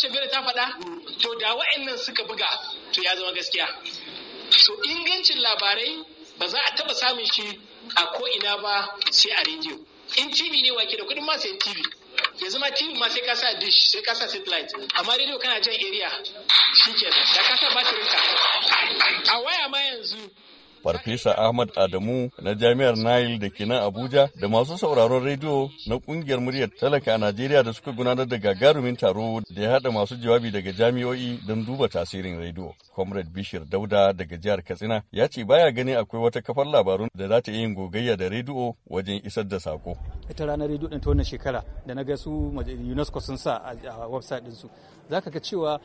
wacce gada ta faɗa to da wa'annan suka buga to ya zama gaskiya so ingancin labarai ba za a taba samun shi a ko ina ba sai a rediyo in tv ne wake da kudin ma sai tv Ya zama tv ma sai kasa dish sai kasa satellite amma rediyo kana jan area shikenan da kasa batirinka a waya ma yanzu Farfesa Ahmad Adamu na Jami'ar Nile da ke nan Abuja da masu sauraron rediyo na kungiyar muryar talaka a Najeriya da suka gudanar da gagarumin taro da ya haɗa masu jawabi daga jami'o'i don duba tasirin rediyo. Comrade Bishir Dauda daga jihar Katsina ya ce baya gani akwai wata kafar labarun da za ta yin gogayya da rediyo wajen isar da sako. Ita ranar rediyo ɗin ta shekara da na ga su UNESCO sun sa a website ɗinsu. Za ka ga cewa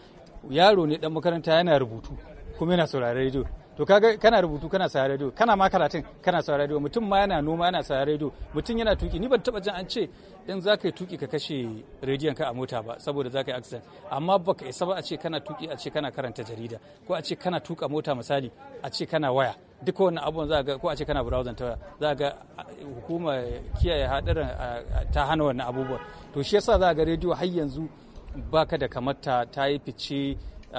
yaro ne ɗan makaranta yana rubutu kuma yana saurari rediyo. to kaga kana rubutu kana sa radio kana ma karatun kana sa radio mutum ma yana noma yana sa radio mutum yana tuki ni ban taba jin an ce in za ka yi tuki ka kashe rediyon ka a mota ba saboda za ka yi accident amma baka isa ba a ce kana tuki a ce kana karanta jarida ko a ce kana tuka mota misali a ce kana waya duka wannan abubuwan za ga ko a ce kana browsing ta za ga hukuma kiyaye hadarin ta hana wannan abubuwan to shi yasa za ga rediyo har yanzu baka da kamata ta yi fice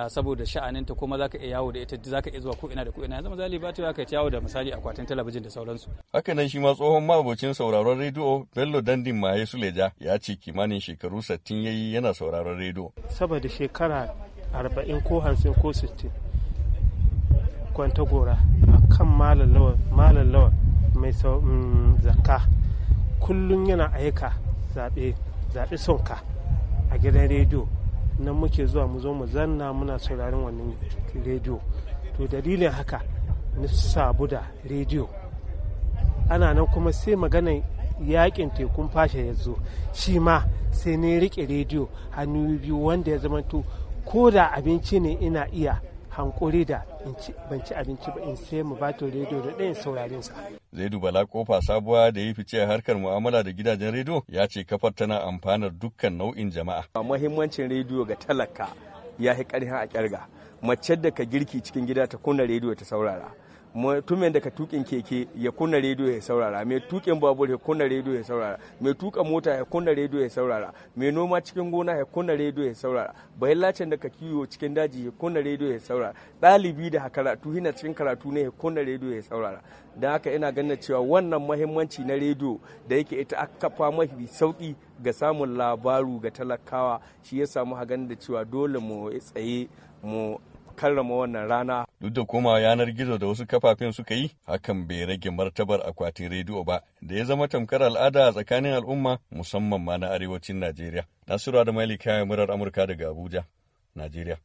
saboda sha'aninta kuma za ka iya yawo da ita za ka iya zuwa ko ina da ko ina yanzu misali ba ta ka yawo da misali akwatin talabijin da sauransu. haka nan shi ma tsohon mabocin sauraron rediyo bello dandin maye suleja ya ce kimanin shekaru 60 yayi yana sauraron rediyo. saboda shekara arba'in ko hamsin ko sittin kwanta gora a kan malalawa mai mm, zakka kullum yana aika zaɓe zaɓe sonka a gidan rediyo nan muke zuwa mu zo mu zanna muna sauraron wannan rediyo to dalilin haka na sabu da rediyo ana nan kuma sai magana yakin tekun fasha ya zo shi ma sai ne rike rediyo hannu biyu wanda ya zama zamanto ko da abinci ne ina iya hankuri da ban ci abinci ba in sai mu to rediyo da ɗayan saurarin sa. Zaidu Bala Kofa Sabuwa da ya fice harkar mu'amala da gidajen rediyo ya ce kafar tana amfanar dukkan nau'in jama'a. Muhimmancin rediyo ga talaka ya fi ƙarfin a ƙyarga. Mace da ka girki cikin gida ta kunna rediyo ta saurara. mutumin daga tukin keke ya kunna rediyo ya saurara mai tukin babur ya kunna rediyo ya saurara mai tuka mota ya kunna rediyo ya saurara mai noma cikin gona ya kunna rediyo ya saurara bahillacin da ka kiwo cikin daji ya kunna rediyo ya saurara ɗalibi da karatu hina cikin karatu ne ya kunna rediyo ya saurara da haka ina ganin cewa wannan mahimmanci na rediyo da yake ita aka fa mafi sauki ga samun labaru ga talakawa shi ya samu ganin da cewa dole mu tsaye mu karrama wannan rana Duk da koma yanar gizo da wasu kafafen suka yi, hakan bai rage martabar akwatin rediyo ba, da ya zama tamkar al'ada a tsakanin al'umma musamman ma na arewacin Najeriya. Nasiru da Malika murar Amurka daga Abuja, Najeriya.